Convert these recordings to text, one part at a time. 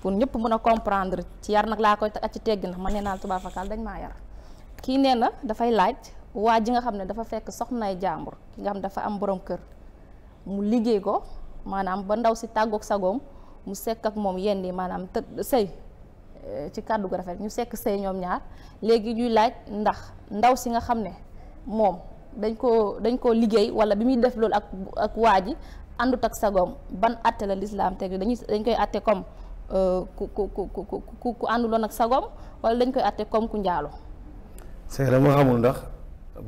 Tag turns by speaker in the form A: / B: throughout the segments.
A: pour ñëpp mën a comprendre ci yar nag laa koy ak ci tegg na man nee naa tubaab fakal dañ maa yar kii nee na dafay laaj waa ji nga xam ne dafa fekk soxnaay jàmbur ki nga xam ne dafa am borom kër mu liggéey ko maanaam ba ndaw si tàggook sagoom mu sekk ak moom yenn yi maanaam të sëy eh, ci kàddu gu rafet ñu sekk sëy ñoom ñaar léegi ñuy laaj ndax ndaw si nga xam ne moom dañ koo dañ koo liggéey wala bi muy def loolu ak ak waa ji àndut ak sagoom ban atte la lislaam teg dañuy dañ koy atte comme Euh, ku ku ku ku ku ànduloon ak sagom wala dañ koy atte comme ku njaalo.
B: c'est que
C: dama xamul ndax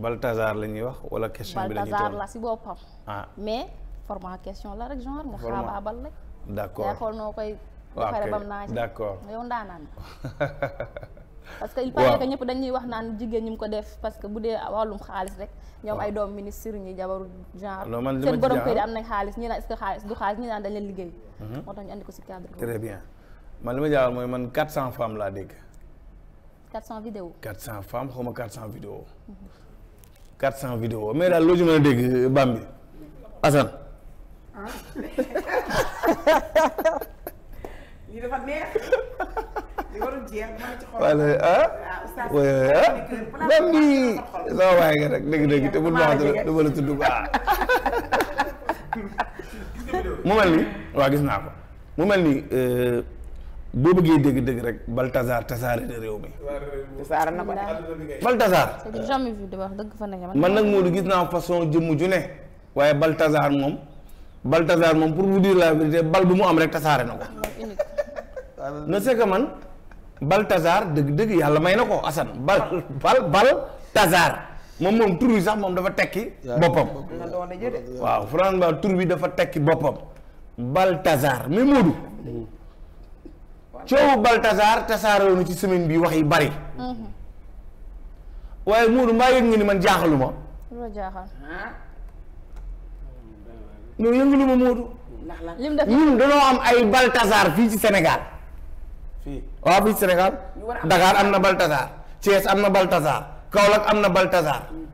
C: Balthazar la ñuy wax wala question bi la ñuy Balthazar la
A: si boppam. ah mais format question la rek genre nga xaabaabal rek. d'accord yaa noo koy. waaw bam naa ci d'accord yow ndaanaan parce que il paraît que ñëpp dañuy wax naan jigéen ñi mu ko def parce que bu dee wàllum xaalis rek ñoom ay doom ministre ñi jabaru genre seen borom kër yi am nañ xaalis ñi naan xaalis du xaalis ñi naan dañ leen liggéey mhm. moo tax ñu andi ko si cadre très
C: man li ma jaaxal mooy man 400 femmes laa dégg. 400 vidéos 400 femmes xaw ma 400 vidéos. 400 mm-hmm. vidéos mais daal loo ci mën a dégg Bambi Assane.
B: lii li warul jeex mën ci xool. wala ah. ah?
C: Bambi. soo waaye nga rek dëgg-dëgg te bu ma waxee dama la tudd ko ah. mu mel ni waaw gis naa ko boo bëggee dëgg-dëgg rek Baltazar tasaare na réew mi. tasaare na ko de. Baltazar.
A: man nag moo Modou gis
C: naa façon jëmm ju ne waaye Baltazar moom Baltazar moom pour vous dire la mu am rek tasaare na ko. ne yàlla may na ko Assane bal bal Baltazar moom moom tur sax moom dafa tekki boppam. waaw franchement bi dafa tekki boppam Baltazar mais Modou. Mm. coowu Baltasar tasaaroo na ci semaine bi wax yi bari mhm. waaye Moodu mbaa yëg nga ni man jaaxaluma loo jaaxal non yëngaluma Moodu
A: ñun dañoo am ay Baltasar
C: fii ci senegal waaw fii ci Sénégal Dakar am na Baltasar Thiès am na Baltasar Kaolack am na Baltasar mm.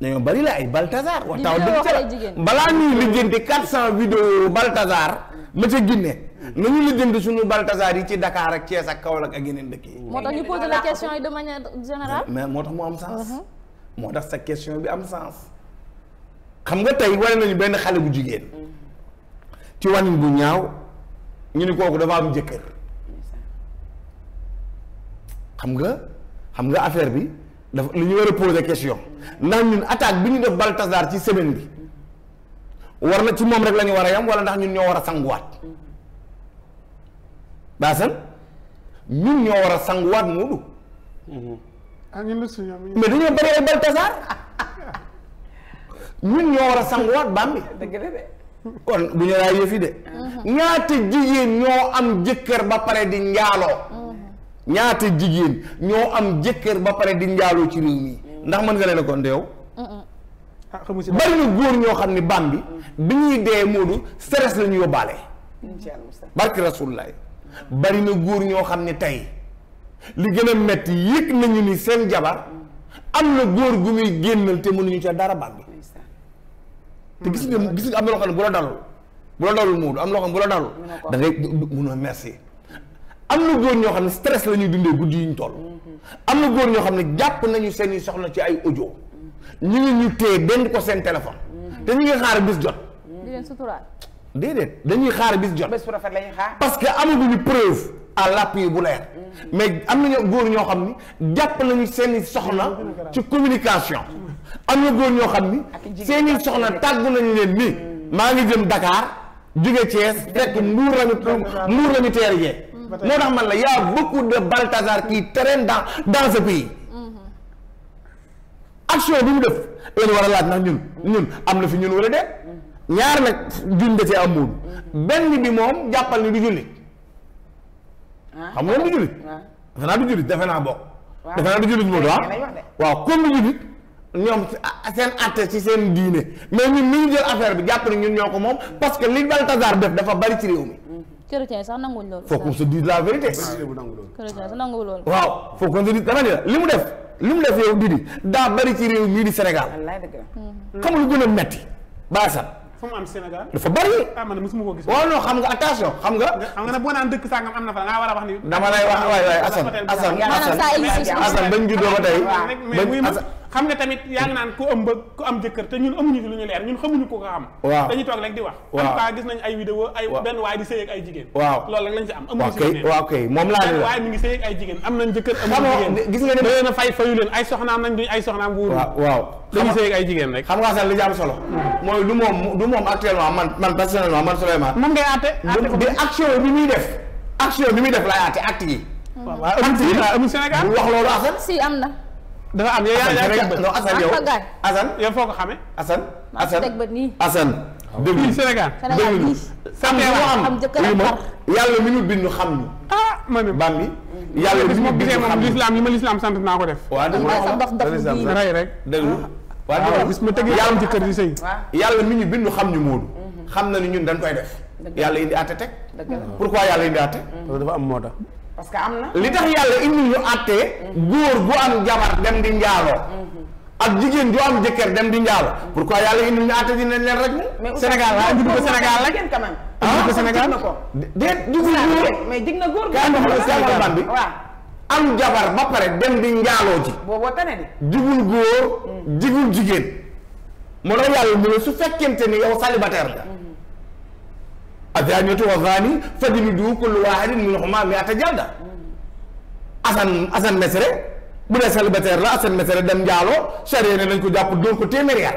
C: dañoo bari la ay Baltasar waxtaan dëgg balaa ñuy liggéente quatre cent vidéo Baltasar ma ca Guinée nañu la jënd suñu baltasaar yi ci Dakar ak Thiès ak Kaolack ak yeneen dëkk yi.
A: moo tax ñu poser la question yi de manière générale.
C: mais moo tax mu am sens. Mhm. moo tax sa question bi am sens. xam nga tey wane nañu benn xale bu jigéen. ci wanin bu ñaaw. ñu ni kooku dafa am jëkkër. xam nga xam nga affaire bi daf li ñu war a poser question ndax ñun attaque bi ñu def Baltazar ci semaine bi war na ci moom rek lañu war a yam wala ndax ñun ñoo war a sanguwaat. baasan ñun ñoo war a sanguwaat muudu.
B: ah ñun mais dañoo bëri ay Baltasar
C: ñun ñoo war a sanguwaat bambi. dëgg kon bu ñu laay yëfi de. Mhm. ñaata jigéen ñoo am jëkkër ba pare di njaaloo. Mhm. ñaata jigéen ñoo am jëkkër ba pare di njaaloo ci réew mi ndax mën nga leen a kon deew
B: mhm. ah, bari na
C: góor ñoo xam ni bambi bi ñuy dee moodu stress la ñu yóbbaale. bari góor ñoo xam ne tey li gën a metti yëg nañu ni seen jabar am na góor gu muy génnal te mënuñu ca dara bàgg te gis nga gis nga am na loo xam ne bu la dalul bu la dalul muudu am loo xam ne bu la dalul da munoo merci am na góor ñoo xam ne stress la ñuy dundee guddi yu ñu toll am na góor ñoo xam ne jàpp nañu seen i soxna ci ay ojo ñu ngi ñu téye benn ko seen téléphone te ñu ngi xaar bis jot déedéet dañuy xaar bis jot.
A: bés bu rafet lañuy xaar. parce que
C: amaguñu preuve à l'appui bu leer. mais am nañu góor ñoo xam ni jàpp nañu seen i soxna ci communication. am na góor ñoo xam ni seen i soxna tàggu nañu leen ni maa ngi jëm Dakar jóge Thiès fekk Mbuur la ñu teer yee.
B: moo tax man la y
C: a beaucoup de Balthazar qui traînent dans dans ce pays. Mhm. action bi mu def la war a laaj ndax ñun ñun am na fi ñun wala déet. ñaar nag juñ da cee am muun benn bi moom jàppal ni du jullit ah. xam nga du jullit ah. defe naa du jullit defe naa bokk
A: defe naa du jullit moodu waaw
C: waaw comme du jullit ñoom seen atte ci seen diine mais ñun ni ñu jël affaire bi jàpp ni ñun ñoo ko moom parce que li Balthazar def dafa bari ci réew mi mm-hmm.
A: chrétien sax nanguwul loolu faut
C: qu'on se dise la vérité chrétien
A: sax nanguwul loolu
C: waaw faut qu'on se dise dama li mu def li mu def yow di di daa bari ci réew mii di Sénégal xam lu gën
B: a metti baasal fu mu am Sénégal dafa bari. ah man mosuma ko gis. waaw non xam nga attention xam nga. xam nga nag boo am na fa nga war a wax ni. dama lay wax waay waay Assane Assane Assane bañ juddoo ba xam nga tamit yaa ngi naan ku ëmb ku am jëkkër te ñun amuñu ci lu ñu leer ñun xamuñu ko ko xam waaw dañuy toog rek di wax en tout cas gis nañ ay vidéo ay benn waay di sëy ak ay jigéen waaw loolu rek moom laa la waaye mi ngi sëy ak ay jigéen am nañ jëkkër am jigéen gis nga ne dañu fay fayu leen ay soxnaam nañ duñ ay soxnaam wuuru waaw dañuy sëy ak ay jigéen rek solo hmm. mooy du moom du moom man man personnellement man Souleymane man ngay àtte bi action bi muy def action bi muy def laay àtte acte yi hmm. waaw amul Sénégal wax
A: loolu
B: dafa am yow yaa ngi teg bët non Assane yow Assane yow foo ko xamee. Assane Assane Assane. déglu Sénégal déglu. Sénégal am yàlla mu ñu bind xam ñu. ah ma ne Bambi. Mm. yàlla mi ñu bind xam ñu moom lislaam yi ma lislaam sant naa ko def. waaw dëgg la rey rek déglu. Ah. waaw bis ma ah, teg yàlla ci kër gi
C: sëy. yàlla mi ñu bindu xam ñu moodu. Mhm. xam na ni ñun dañ koy def. yàlla indi àtte teg. pourquoi yàlla indi àtte. dafa am moo tax
B: parce que am na li tax yàlla indi
C: ñu àttee góor gu am jabar dem di njaaloo ak jigéen ju am jëkkër dem di njaaloo pourquoi yàlla indi ñu àtte dinañ leen rek ni Sénégal ah, la indi ah, ah, ko Sénégal la
A: quand même indi ko
C: Sénégal
A: mais dig na góor ban bi
C: am jabar ba pare dem di njaaloo ji
A: boobu
C: góor digul mm. jigéen moo tax yàlla mu ne su fekkente ni yow célibataire nga mm-hmm. azaniyatu wa zani fajlidu kullu wahidin minhuma mi'ata jalda asan asan mesere bu dee célibataire la asan mesere dem njaaloo sariya ne nañ ko jàpp dóor ko téeméeri yar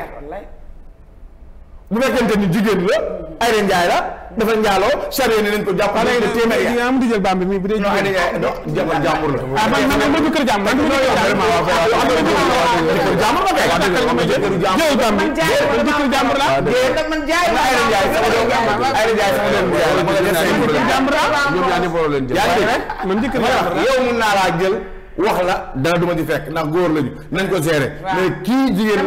C: bu fekkente ni jigéen la Aïda Ndiaye la dafa njaaloo sariya ne nañ ko jàpp ne téeméer yaa am di jël bambi mi bu dee Aïda Ndiaye jabar jàmbur la ah man man ma jëkkër jàmbur man ma jëkkër jàmbur la kay jël bambi jëkkër jàmbur
B: la man jaay la Aïda Ndiaye sama doom Aïda
C: Ndiaye sama doom jàmbur la ñoom ñaar ñëpp
B: leen jël man jëkkër jàmbur la yow mun naa laa jël wax
C: la dara duma ci fekk ndax góor lañu nañ ko gérer mais kii jigéen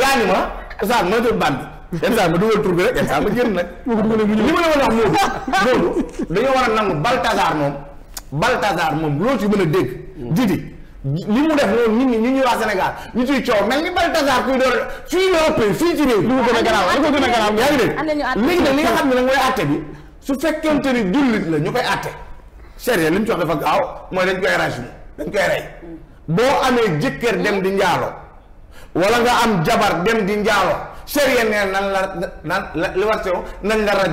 C: yaa ngi ma saa ma doon bandi yenn saa ma dugal tur bi rek yenn saa ma génn nag. li ma la wax noonu loolu dañoo war a nangu Baltazar moom Baltazar moom loolu ci mën a dégg. Didi li mu def noonu nit ñi ñu ñuy waa Sénégal ñu ciy coow mel ni Baltazar kuy door a Europe fii ci réew. li ko gën a garaaw li ko gën a garaaw yaa ngi léegi nag li nga xam ne nag mooy àtte bi su fekkente ni jullit la ñu koy àtte sérieux li mu ci wax dafa gaaw mooy dañ koy rey dañ koy rey boo amee jëkkër dem di njaalo wala nga am jabar dem di njaalo sérieux neen nan la nan li war sew nañ la raj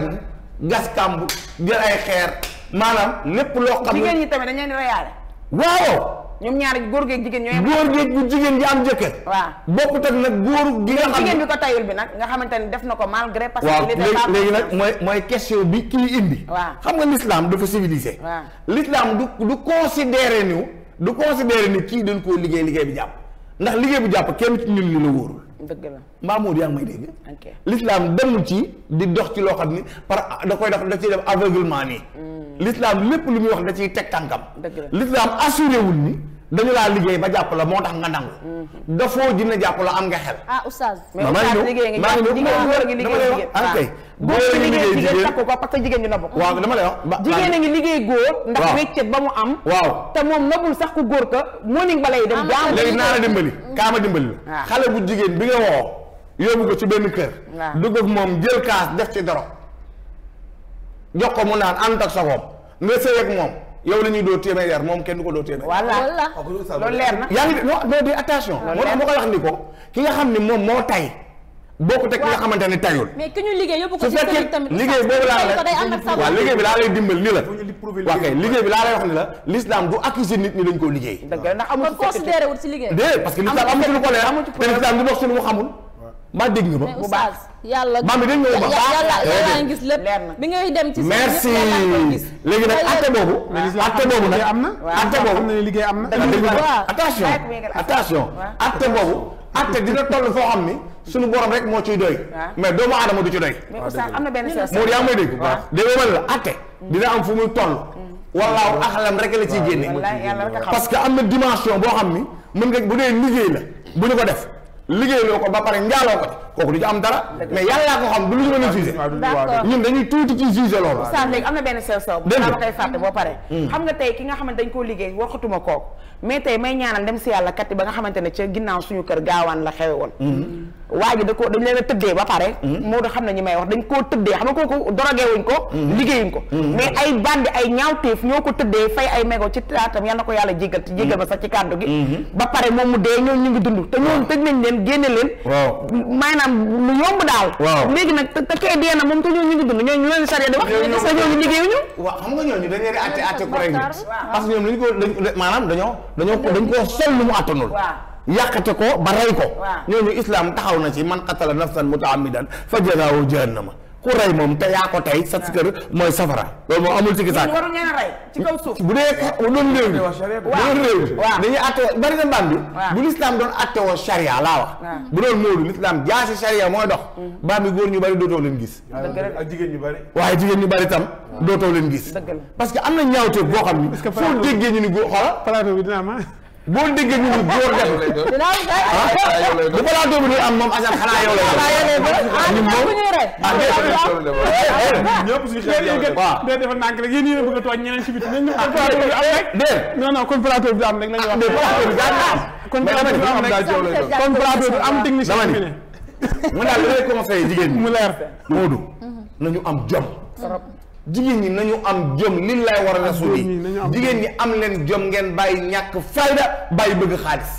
C: gas kàmb jël ay xeer maanaam lépp loo xam ne jigéen
A: ñi tamit dañ leen di reyaale waaw ñoom ñaar góor géeg jigéen ñooy góor
C: bu jigéen ji am jëkkër waa bokkut ak nag góor gi nga xam jigéen bi
A: ko tayul bi nag nga xamante ni def na ko malgré parce léegi léegi
C: nag mooy mooy question bi kii indi waa xam nga l'islam dafa civilisé waaw l'islam du du considéré niw du considéré ni kii dañ koo liggéey liggéey bi jàpp ndax liggéey bu jàpp kenn ci ñun ñu la wóorul. dëgg la mbaa Modou yaa ngi may dégg. ok l'islam demul ci di dox ci loo xam ni par da koy def da ci dem aveuglement nii. Mm. l'islam lépp lu muy wax da ciy teg tànkam.
B: dëgg la l'islam
C: assuré wul ni. dañu laa liggéey ba jàpp la moo tax nga nangu. Mm-hmm. dafoo dina jàpp la am nga xel.
A: ah oustaz. mais oustaz liggéey nga jàpp jigéen góor gi liggéey que jigéen ñu na bokk. waaw jigéen a ngi liggéey góor. ndax wéccet ba mu am. waaw te moom nabul sax ku
C: góor moo morning ba lay dem. Ah, jaamu léegi naa la dimbali kaa ma dimbali la. Ah. xale bu jigéen bi nga woo. yóbbu ko ci benn kër. Ah. dugg moom jël kaas def ci doro jox ko mu naan ànd ak sagoom nga sëy ak moom yow la doo téeméer yar moom kenn du ko doo téeméer. voilà ah, loolu leer na. yaa ngi non di attention. loolu leer ko wax ni ko moom moo tay ñu
A: liggéey yóbbu ko ci tamit tamit liggéey boobu
C: laa la waaw du accuser nit
A: parce que l'islam amul ko leer
C: te l'islam du bokk ci mu xamul.
B: maa dégg nga ma bu baax
A: yàlla yaa ngi eh, gis lépp bi ngay dem ci merci
B: léegi nag atte boobu atte boobu nag am na atte boobu liggéey am na
C: attention attention atte
B: boobu atte dina toll foo xam ni
C: suñu borom rek moo ciy doy mais doomu aadama du ci doy
A: moo yaa may dégg
C: déggoo ma la atte dina am fu muy toll mm. wallaahu axalam rek la ciy génne parce que am na dimension boo xam ni mën nga bu dee liggéey la bu ñu ko def liggéey loo ko ba pare njaaloo ko kooku du ci am dara. mais yàlla ko xam du lu ñu mën a jugé. ñun dañuy tuuti ci jugé loolu. Oustaz léegi am na benn sew sew. dégg nga koy fàtte boo pare. Hmm. xam nga tey ki nga xamante dañ koo liggéey waxatuma kooku mais tey may ñaanal dem si yàlla kat ba nga xamante ne ca ginnaaw suñu kër gaawaan la xewe woon
A: hmm.
C: waa ji da ko dañ leen a tëddee ba pare mm-hmm. moo da xam ne may wax dañ koo tëddee xam nga kooku dorogé wuñ ko mm-hmm. liggéeyuñ ko mm-hmm.
B: mais
A: ay bandi ay ñaawteef ñoo ko tëddee fay ay mégo ci taatam yal na ko yàlla jéggal te jéggal ma sax ci kàddu gi ba pare moom mu dee ñoom ñu ngi dund te ñoo tëj nañ leen génne leen maanaam lu yomb daal léegi nag te kee dee na moom te ñoom ñu ngi dund ñooñu ñu leen charia di wax sa ñooñu liggéeyuñu
C: waaw xam nga ñooñu dañ leen di atte atte ku rek parce ko maanaam dañoo dañoo dañ koo yàqate ko ba rey ko ñooñu islam taxaw na ci man qatala nafsan mutaamidan fa jazaahu jahannama ku rey moom te yaa ko tey sa kër mooy safara loolu moom amul ci gisaak waru ngeen rey ci kaw suuf bu dee doon réew mi doon réew dañuy atte bari na mbaam bi bu l'islam doon atte woo charia laa wax bu doon móolu l'islam jaasi charia mooy dox mm-hmm. mbaam bi góor ñu bari dootoo leen gis
B: ñu bari
C: waaye jigéen ñu bari tam dootoo leen gis parce que am na ñaawteef boo xam ni foo déggee ñu boo déggee ñu góor def
A: ah, bu ko laa doomu di am moom asal xanaa yow
B: la defal nànk rek yéen yéen a bëgg a tooñ ñeneen ci biti nañu ah, am rek dé non non kon plateau bi am rek lañu wax ah, kon plateau bi am technicien bi ne
C: mu daal li lay conseillé jigéen ñi mu leer Modou nañu am jom jigéen ñi nañu am jom liñ lay war a rasul yi jigéen ñi am leen jom ngeen bàyyi ñàkk fayda bàyyi bëgg xaalis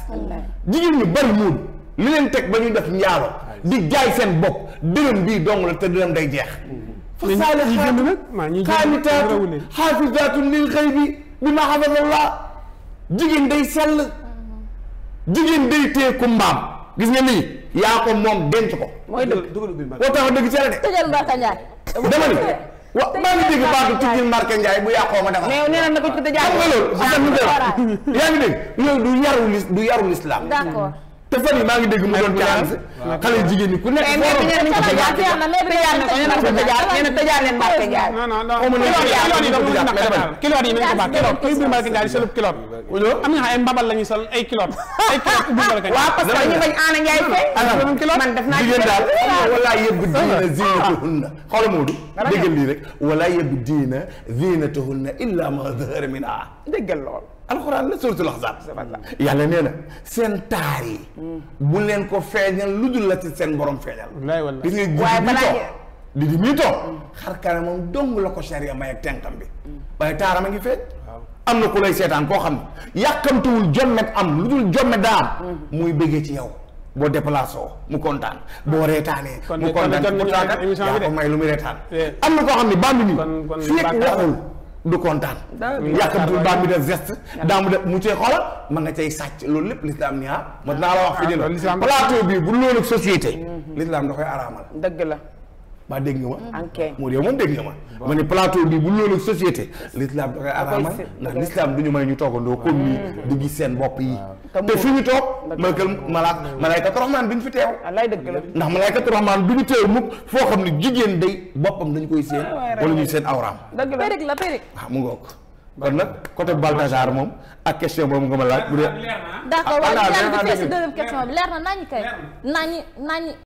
C: jigéen ñi bari muul li leen teg ba ñu def njaalo di jaay seen bopp dërëm bii dong la te dërëm day jeex fa mm-hmm. saale
B: xaanitaatu
C: xaafizaatu lil xaybi bi ma xafazallah jigéen day sell mm-hmm. jigéen day téye ku gis nga nii yaa ko moom denc ko mooy dëgg boo tax dëgg ci la de dama ni waaw maa ngi dégg baatu tukkil marqué Ndiaye bu yàqoo ma defar. mais
A: nee na na ko tuddee jaay xam nga loolu. yaa ngi
C: dégg loolu du yaru du yaru l'islam. d'accord. te fan yi maa ngi dégg mu doon tànn xale
B: jigéen ñi ku nekk foofu mais mais am na ay mbabal la ñuy sol ay kilot ay kilot ubbi mbalakañ waaw parce que ñu bañ aana njaay fay man def
C: naa jigéen daal wala yebbu diina zinatuhunna xoolal Moodu déggal lii rek wala yebbu diina zinatuhunna illa ma zahara minha déggal lool alxuraan la suratul ahzab yàlla nee na seen taar yi hmm. bu leen ko feeñal lu dul la ci seen borom feeñal gis nga guddi mi toog di di mii xar kanamam dong la ko sariya may ak tenkam bi hmm. waaye taaram a ngi feeñ am na seetaan koo xam ne yàkkamtuwul jommet am lu dul jommet daa am hmm. muy bëggee ci yow boo déplacé woo mu kontaan ah. boo reetaanee mu kontaan mu kontaan yaa ko may lu muy eh. na koo xam ne bambi nii fii waxul du kontaan.
B: yàkkamtul daa mu def
C: veste daa mu def mu cee xoolal nga cay sàcc loolu lépp lislaam ni ah ma naa la wax fi dina ah, plateau bi bu loolu mm-hmm. société lislaam da koy araamal dëgg la baa dégg nga ma moo yow moom dégg nga ma ma ne plateau bi bu loolu société lislaam da koy araamal ndax lislaam du ñu may ñu toogandoo comme nii mm-hmm. di seen bopp yi te fi ñu toog malakal malaak malaykatu rahmaan duñ fi teew ndax malaykatu rahmaan duñu teew mukk foo xam ne jigéen day boppam dañ koy seen ah, wala ñuy seen awraam
A: périg la périg waaw
C: ah, mu ngoog kon nag côté Balthazar moom ak question boobu nga ma laaj bu dee ah,
A: d'accord waaw ñu naan bi fees deuxième question bi leer na nañu kay nañu